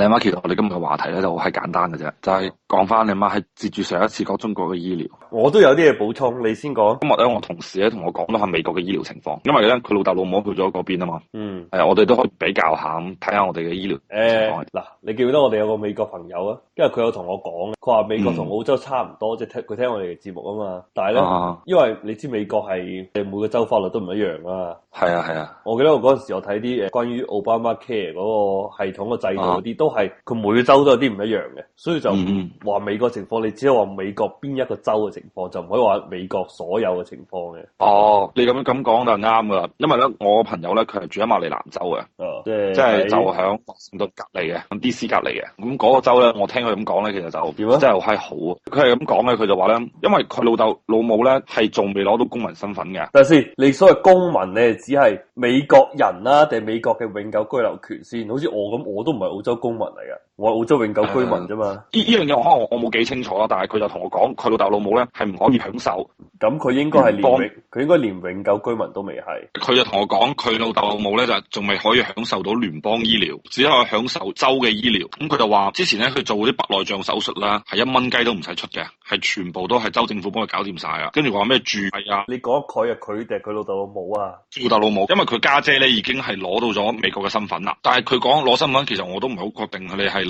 你媽，其實我哋今日嘅話題咧就係簡單嘅啫，就係講翻你媽係接住上一次講中國嘅醫療。我都有啲嘢補充，你先講。今日咧，我同事咧同我講咗下美國嘅醫療情況，因為咧佢老豆老母去咗嗰邊啊嘛。嗯，係啊，我哋都可以比較下咁，睇下我哋嘅醫療。誒、嗯，嗱、欸，你記唔記得我哋有個美國朋友啊？因為佢有同我講，佢話美國同澳洲差唔多，嗯、即係聽佢聽我哋嘅節目啊嘛。但係咧，因為你知美國係誒每個州法律都唔一樣啊。係啊係啊，我記得我嗰陣時我睇啲誒關於奧巴馬 Care 嗰個系統嘅制度嗰啲都。啊係佢每個州都有啲唔一樣嘅，所以就唔話美國情況，嗯、你只係話美國邊一個州嘅情況，就唔可以話美國所有嘅情況嘅。哦，你咁樣咁講就啱噶啦，因為咧我朋友咧佢係住喺馬里蘭州嘅。即係就喺華盛頓隔籬嘅，咁 DC 隔籬嘅，咁嗰個州咧，我聽佢咁講咧，其實就真係好係好。佢係咁講咧，佢就話咧，因為佢老豆老母咧係仲未攞到公民身份嘅。但係先，你所謂公民咧，你係只係美國人啦，啊，定係美國嘅永久居留權先。好似我咁，我都唔係澳洲公民嚟嘅。我澳洲永久居民啫嘛，呢依、嗯、樣嘢可能我冇記清楚啊，但係佢就同我講，佢老豆老母咧係唔可以享受，咁佢、嗯嗯、應該係連佢邦應該連永久居民都未係。佢就同我講，佢老豆老母咧就仲未可以享受到聯邦醫療，只可以享受州嘅醫療。咁、嗯、佢就話之前咧佢做啲白內障手術啦，係一蚊雞都唔使出嘅，係全部都係州政府幫佢搞掂晒。啊。跟住話咩住係啊？你講佢啊，佢哋，佢老豆老母啊？老豆老母，因為佢家姐咧已經係攞到咗美國嘅身份啦，但係佢講攞身份其實我都唔係好確定佢哋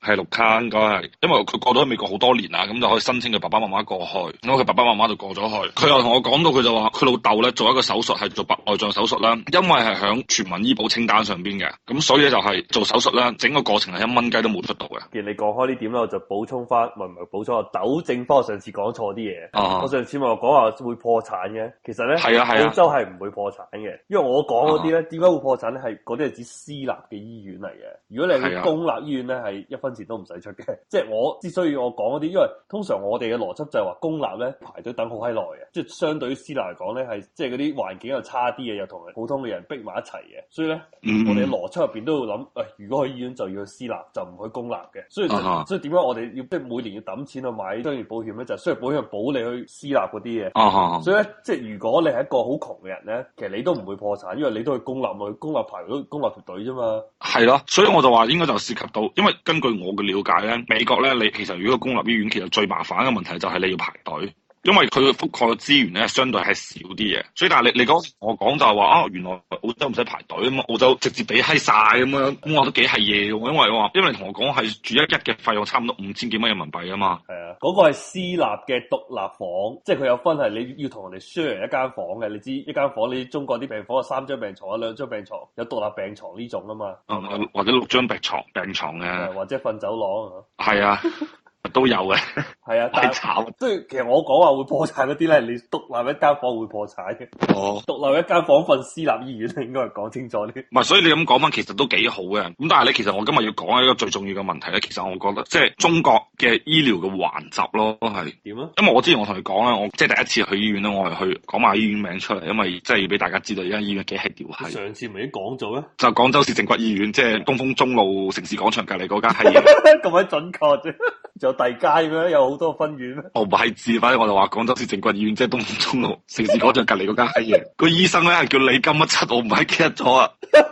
係綠卡應該係，因為佢過咗美國好多年啦，咁就可以申請佢爸爸媽媽過去。咁佢爸爸媽媽就過咗去。佢又同我講到，佢就話佢老豆咧做一個手術係做白內障手術啦，因為係響全民醫保清單上邊嘅，咁所以就係做手術咧，整個過程係一蚊雞都冇出到嘅。既然你講開呢點咧，我就補充翻，唔係唔係補充啊，充，我糾正翻我上次講錯啲嘢。Uh huh. 我上次咪講話會破產嘅，其實咧澳、uh huh. 州，係唔會破產嘅，因為我講嗰啲咧，點解會破產咧，係嗰啲係指私立嘅醫院嚟嘅。如果你喺公立醫院咧係、uh huh. 一錢都唔使出嘅， 即係我只需要我講嗰啲，因為通常我哋嘅邏輯就係話公立咧排隊等好閪耐嘅，即係相對於私立嚟講咧係即係嗰啲環境又差啲嘅，又同普通嘅人逼埋一齊嘅，所以咧、嗯、我哋邏輯入邊都要諗，喂、呃，如果去醫院就要去私立，就唔去公立嘅。所以、啊、哈所以點解我哋要即係每年要抌錢去買商業保險咧？就商、係、業保險保你去私立嗰啲嘢。啊、哈哈所以咧，即係如果你係一個好窮嘅人咧，其實你都唔會破產，因為你都去公立去公立排嗰公立隊啫嘛。係咯，所以我就話應該就涉及到，因為根據。我嘅了解咧，美國咧，你其實如果公立醫院，其實最麻煩嘅問題就係你要排隊。因為佢嘅覆蓋資源咧相對係少啲嘅。所以但係你你講我講就係話啊，原來澳洲唔使排隊啊嘛，澳洲直接俾閪晒咁樣，咁的我都幾係嘢嘅，因為話因為你同我講係住一一一日嘅費用差唔多五千幾蚊人民幣啊嘛。係啊，嗰、那個係私立嘅獨立房，即係佢有分係你要同人哋 share 一間房嘅，你知一間房你中國啲病房有三張病床、兩張病床，有獨立病床呢種啦嘛、嗯。或者六張病床病床嘅，或者瞓走廊。係啊的。 都有嘅，係啊，太慘。即 以其實我講話會破產嗰啲咧，你獨立一間房間會破產嘅。哦，獨立一間房份私立醫院，應該係講清楚啲。唔係，所以你咁講翻，其實都幾好嘅。咁但係咧，其實我今日要講一個最重要嘅問題咧，其實我覺得即係、就是、中國嘅醫療嘅頑疾咯，係點啊？因為我之前我同你講啦，我即係、就是、第一次去醫院咧，我係去講埋醫院名，名出嚟，因為即係要俾大家知道依間醫院幾係屌係。上次咪已經講咗咩？就廣州市正骨醫院，即、就、係、是、東風中路城市廣場隔籬嗰間係。咁鬼 準確啫。就大街咩？有好多分院咩？我唔係字，反正我就話廣州市正骨醫院即係東風中路城市廣場隔離嗰間咩嘢。 個醫生咧係叫李金一七，我唔係劇咗啊！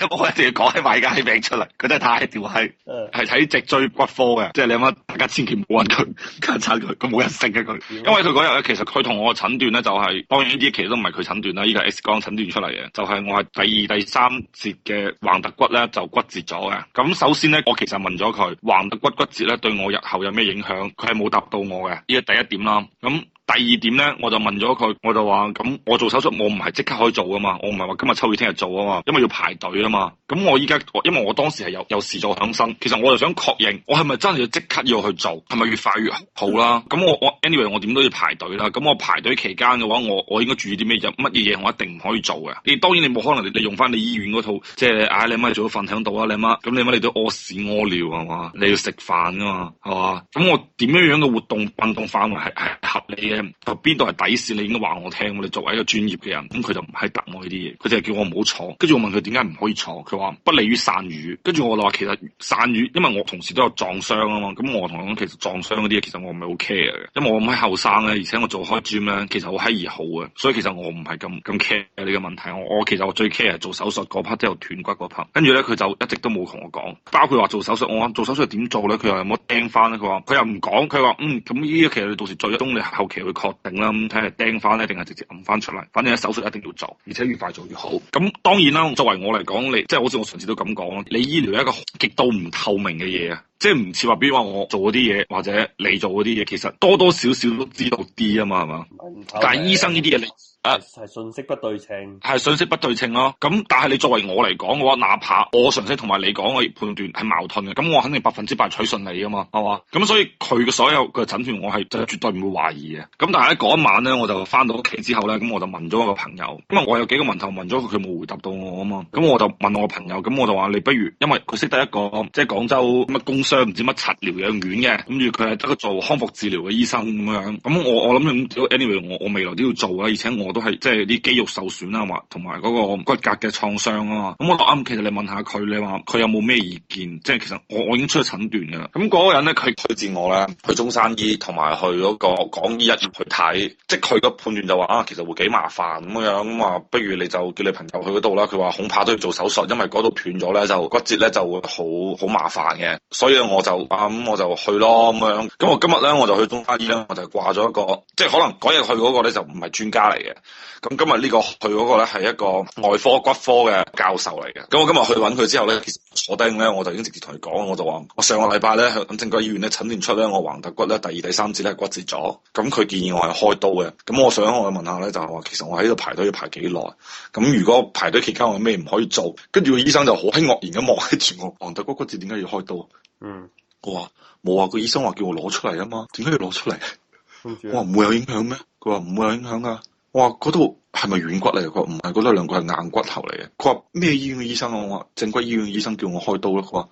有冇 一定要講起埋依個係病出嚟？佢真係太調閪，係睇 脊椎骨科嘅，即係你諗下大家千祈唔好搵佢，搵診佢，佢冇人性嘅佢。因為佢嗰日咧，其實佢同我診斷咧，就係當然呢啲其實都唔係佢診斷啦，依個 X 光診斷出嚟嘅，就係我係第二、第三節嘅橫突骨咧就骨折咗嘅。咁首先咧，我其實問咗佢橫突骨骨折咧對我日後有咩影響，佢係冇答到我嘅，呢個第一點啦。咁。第二點咧，我就問咗佢，我就話：咁、嗯、我做手術，我唔係即刻可以做㗎嘛，我唔係話今日抽血，聽日做啊嘛，因為要排隊啊嘛。咁、嗯、我依家，因為我當時係有有事在響身。其實我就想確認，我係咪真係要即刻要去做，係咪越快越好啦、啊？咁、嗯、我 Any way, 我 anyway 我點都要排隊啦。咁、嗯、我排隊期間嘅話，我我應該注意啲咩？就乜嘢嘢我一定唔可以做嘅。你當然你冇可能你用翻你醫院嗰套，即係嗌你阿媽做到瞓響度啊，你阿媽咁你阿媽你，你都屙屎屙尿係嘛？你要食飯㗎嘛係嘛？咁我點樣樣嘅活動運動範圍係係合理。就邊度係底線？你應該話我聽。我哋作為一個專業嘅人，咁、嗯、佢就唔係答我呢啲嘢。佢就叫我唔好坐。跟住我問佢點解唔可以坐？佢話不利於散瘀。跟住我就話其實散瘀，因為我同事都有撞傷啊嘛。咁我同佢講，其實撞傷嗰啲，其實我唔係好 care 嘅，因為我唔係後生咧，而且我做開 gym 咧，其實我係二號嘅，所以其實我唔係咁咁 care 你嘅問題。我其實我最 care 做手術嗰 part 即係斷骨嗰 part。跟住咧，佢就一直都冇同我講，包括話做手術，我話做手術點做咧？佢又冇掟翻咧。佢話佢又唔講。佢話嗯咁呢啲，其實你到時做一中你後期。會確定啦，咁睇下掟翻咧，定係直接撳翻出嚟，反正係手術一定要做，而且越快做越好。咁當然啦，作為我嚟講，你即係好似我上次都咁講咯，你醫療係一個極度唔透明嘅嘢啊，即係唔似話，比如話我做嗰啲嘢或者你做嗰啲嘢，其實多多少少都知道啲啊嘛，係嘛，但係醫生呢啲嘢咧？你誒，係、啊、信息不對稱，係信息不對稱咯。咁但係你作為我嚟講嘅話，哪怕我常識同埋你講嘅判斷係矛盾嘅，咁我肯定百分之百取信你噶嘛，係嘛？咁所以佢嘅所有嘅診斷，我係就是、絕對唔會懷疑嘅。咁但係喺嗰一晚咧，我就翻到屋企之後咧，咁我就問咗一個朋友，因為我有幾個問頭問咗佢，佢冇回答到我啊嘛。咁我就問我朋友，咁我就話你不如，因為佢識得一個即係廣州乜工商唔知乜診療養院嘅，跟住佢係得做康復治療嘅醫生咁樣。咁我我諗住，anyway，我我未來都要做啊，而且我。都係即係啲肌肉受損嘛，啊，同埋嗰個骨格嘅創傷啊嘛。咁我啱，其實你問下佢，你話佢有冇咩意見？即係其實我我已經出咗診斷嘅。咁嗰個人咧，佢推薦我咧去中山醫同埋去嗰個廣醫一院去睇。即係佢個判斷就話啊，其實會幾麻煩咁樣咁話，不、啊、如你就叫你朋友去嗰度啦。佢話恐怕都要做手術，因為嗰度斷咗咧，就骨折咧就會好好麻煩嘅。所以我就啊咁、嗯、我就去咯咁樣。咁我今日咧我就去中山醫咧，我就掛咗一個，即係可能嗰日去嗰個咧就唔係專家嚟嘅。咁今日、這個、呢個去嗰個咧係一個外科骨科嘅教授嚟嘅。咁我今日去揾佢之後咧，其實坐低咧我就已經直接同佢講，我就話我上個禮拜咧喺正骨醫院咧診斷出咧我橫突骨咧第二、第三節咧骨折咗。咁佢建議我係開刀嘅。咁我想我問下咧就係話，其實我喺度排隊要排幾耐？咁如果排隊期間我咩唔可以做？跟住個醫生就好兇惡然咁望住我，橫突骨骨折點解要開刀？嗯，我話冇啊，個醫生話叫我攞出嚟啊嘛，點解要攞出嚟？嗯、我話唔會有影響咩？佢話唔會有影響噶。我話嗰度係咪軟骨嚟？佢話唔係，嗰度兩塊係硬骨頭嚟嘅。佢話咩醫院嘅醫生？我話正規醫院嘅醫生叫我開刀咯。佢話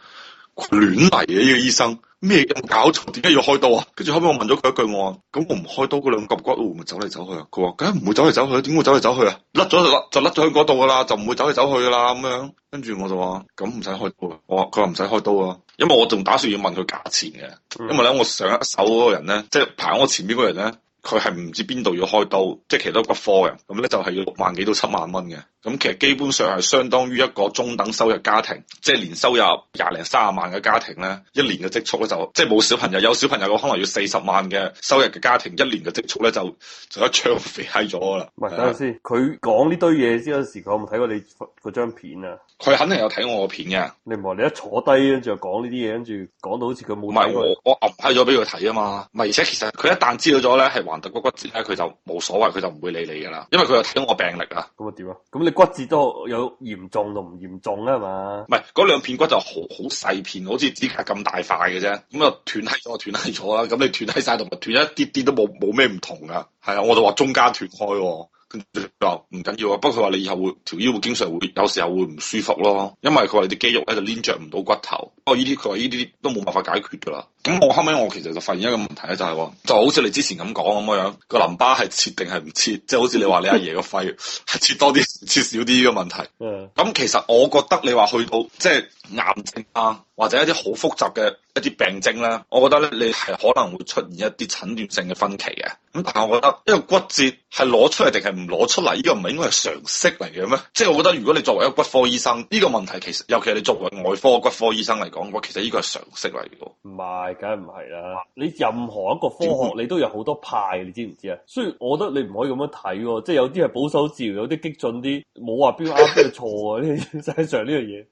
亂嚟嘅呢個醫生，咩咁搞錯？點解要開刀啊？跟住後尾我問咗佢一句，我話咁我唔開刀，嗰兩嚿骨會唔會走嚟走去啊？佢話梗係唔會走嚟走去，點、欸、會走嚟走去啊？甩咗就甩咗喺嗰度噶啦，就唔會走嚟走去噶啦。咁樣跟住我就話咁唔使開刀啦。我話佢話唔使開刀啊，因為我仲打算要問佢價錢嘅。因為咧，我上一手嗰個人咧，即係排我前面嗰個人咧。佢係唔知邊度要開刀，即係其他骨科嘅，咁咧就係要六萬幾到七萬蚊嘅。咁其實基本上係相當於一個中等收入家庭，即係年收入廿零三十萬嘅家庭咧，一年嘅積蓄咧就即係冇小朋友，有小朋友嘅可能要四十萬嘅收入嘅家庭，一年嘅積蓄咧就就一張飛嗮咗啦。唔係等陣先，佢講呢堆嘢之嗰陣時，佢有冇睇過你嗰張片啊？佢肯定有睇我個片嘅。你唔係你一坐低跟住講呢啲嘢，跟住講到好似佢冇。唔係我我暗閪咗俾佢睇啊嘛。唔係而且其實佢一旦知道咗咧係橫突骨骨折咧，佢就冇所謂，佢就唔會理你噶啦。因為佢又睇到我病歷啊。咁啊點啊？咁你？骨折都有嚴重同唔嚴重咧，係嘛？唔係嗰兩片骨就好好細片，好似指甲咁大塊嘅啫。咁啊斷喺咗，斷喺咗啦。咁你斷喺晒同埋斷一啲啲都冇冇咩唔同㗎。係啊，我就話中間斷開，跟住就唔緊要啊。不過佢話你以後會條腰會經常會有時候會唔舒服咯，因為佢話你啲肌肉咧就黏着唔到骨頭。不過呢啲佢話呢啲都冇辦法解決㗎啦。咁我後尾我其實就發現一個問題咧，就係話，就好似你之前咁講咁樣樣，個淋巴係切定係唔切，即係好似你話你阿爺個肺係切多啲，切少啲呢個問題。嗯。咁其實我覺得你話去到即係癌症啊，或者一啲好複雜嘅一啲病症咧，我覺得咧你係可能會出現一啲診斷性嘅分歧嘅。咁但係我覺得，呢個骨折係攞出嚟定係唔攞出嚟，呢個唔係應該係常識嚟嘅咩？即係我覺得如果你作為一個骨科醫生，呢個問題其實，尤其係你作為外科骨科醫生嚟講，我其實呢個係常識嚟嘅。唔係。梗係唔係啦，你任何一個科學，你都有好多派，你知唔知啊？雖然我覺得你唔可以咁樣睇，哦，即係有啲係保守治療，有啲激進啲，冇話邊啱邊係錯啊！呢世上呢樣嘢。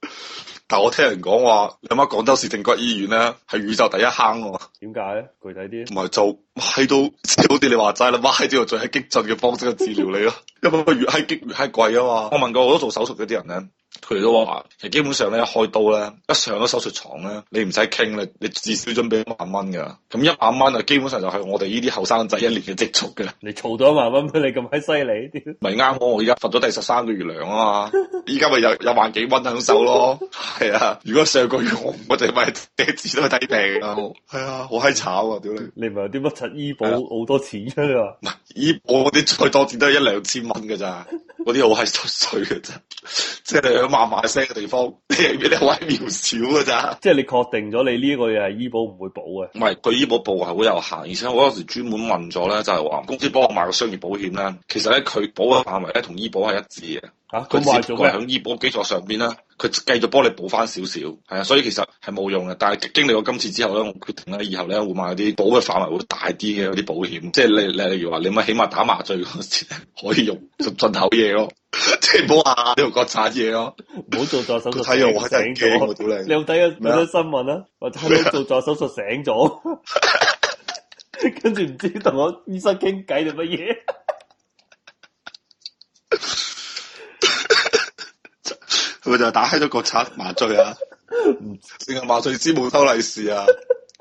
但我聽人講話，你媽廣州市正骨醫院咧係宇宙第一坑喎，啊。點解？具體啲？唔埋就喺到少啲，你話齋啦，歪度最係激進嘅方式去治療你咯。 因為越係激越係貴啊嘛。我問過好多做手術啲人。佢哋都話，其實基本上咧，一開刀咧，一上咗手術床咧，你唔使傾咧，你至少準備一萬蚊噶。咁一萬蚊啊，就基本上就係我哋呢啲後生仔一年嘅積蓄噶。你儲到一萬蚊，畀你咁閪犀利啲？咪啱我，我而家發咗第十三個月糧啊嘛，依家咪有有萬幾蚊享受咯。係啊，如果上個月我我哋咪疊字都去睇病、 哎、啊。係啊，好閪慘啊，屌你！你唔係，有啲乜柒醫保好多錢出，唔係醫保嗰啲，再多錢都係一兩千蚊噶咋。嗰啲好係濕水嘅啫，即係喺萬萬聲嘅地方，你係一為渺少嘅咋。即係你確定咗你呢一個嘢係醫保唔會保嘅，唔係，佢醫保保係好有限，而且我嗰時專門問咗咧，就係話公司幫我買個商業保險啦。其實咧，佢保嘅範圍咧，同醫保係一致嘅。佢咗佢喺醫保基礎上邊啦，佢、啊、繼續幫你補翻少少，係啊，所以其實係冇用嘅。但係經歷咗今次之後咧，我決定咧以後咧會買啲保嘅範圍會大啲嘅嗰啲保險，即係例例例如話，你咪起碼打麻醉嗰時可以用進口嘢咯，即係唔好呢啲國產嘢咯，唔好 做做手術醒咗。你有睇啊？有冇睇新聞啦，我睇你做做手術醒咗，跟住唔知同我醫生傾偈定乜嘢？佢就 打開咗個七麻醉啊，成個麻醉師冇收利是啊！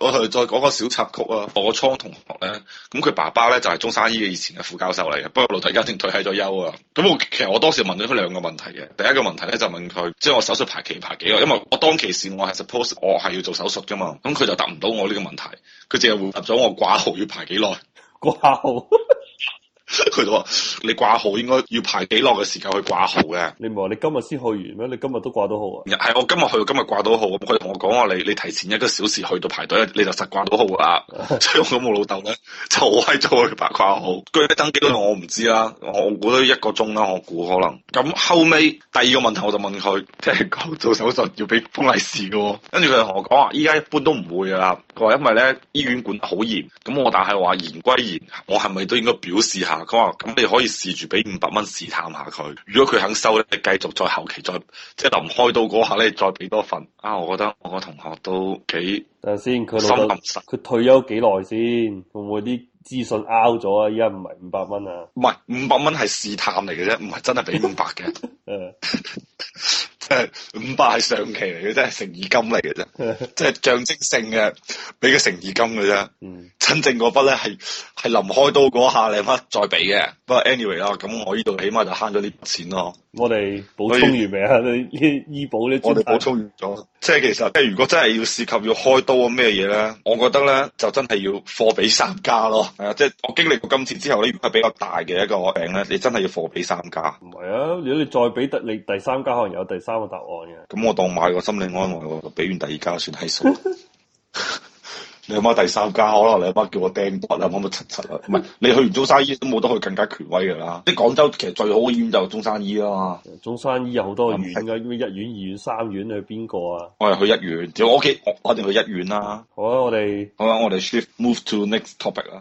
我係再講個小插曲啊！ 我倉同學咧，咁佢爸爸咧就係、是、中山醫嘅以前嘅副教授嚟嘅，不過老豆家已退喺咗休啊。咁我其實我當時問咗佢兩個問題嘅，第一個問題咧就問佢，即係我手術排期排幾耐？因為我當其時我係 suppose 我係要做手術噶嘛，咁佢就答唔到我呢個問題，佢淨係回答咗我掛號要排幾耐？掛號。佢都話你掛號應該要排幾耐嘅時間去掛號嘅。你唔係話你今日先去完咩？你今日都掛到號啊？係 我今日去，到今日掛到號。佢同我講話：你你提前一個小時去到排隊，你就實掛到號啊。 所以我咁我老豆咧就好威咗去白掛號。具體登記嗰度我唔知啦，我估咗一個鐘啦，我估可能。咁後尾第二個問題我就問佢，即係講做手術要俾封利是嘅喎。跟住佢同我講話：依家一般都唔會噶啦。佢話因為咧醫院管得好嚴，咁我但係話嚴歸嚴，我係咪都應該表示下？佢話，咁你可以試住俾五百蚊試探下佢，如果佢肯收咧，繼續再後期再，即係臨開刀嗰下咧，再俾多份。啊，我覺得我個同學都幾等下先，佢老實，佢退休幾耐先，會唔會啲資訊 out 咗啊？依家唔係五百蚊啊？唔係五百蚊係試探嚟嘅啫，唔係真係俾五百嘅。誒，即係五百係上期嚟嘅，真係誠意金嚟嘅啫，即係 象徵性嘅，俾個誠意金嘅啫。嗯。真正嗰筆咧係係臨開刀嗰下你乜再俾嘅。不過 anyway 啦，咁我呢度起碼就慳咗呢筆錢咯。我哋補充完未啊？啲以 醫保啲我哋補充完咗。 即係其實，如果真係要涉及要開刀啊咩嘢咧，我覺得咧就真係要貨比三家咯。係啊，即係我經歷過今次之後咧，如果係比較大嘅一個病咧，你真係要貨比三家。唔係啊，如果你再俾得你第三家，可能有第三個答案嘅。咁我當買個心理安慰喎，俾完第二家算係數。你阿媽第三家，可能你阿媽叫我掟骨啊，咁都七七啊。唔係，你去完中山醫都冇得去更加權威噶啦。即廣州其實最好嘅醫院就係中山醫啊嘛。中山醫有好多院噶，咩是一院、二院、三院你啊？邊個啊？我係去一院，OK，我屋企我我一定去一院啦。好啦，我哋好啦，我哋 shift move to next topic 啦。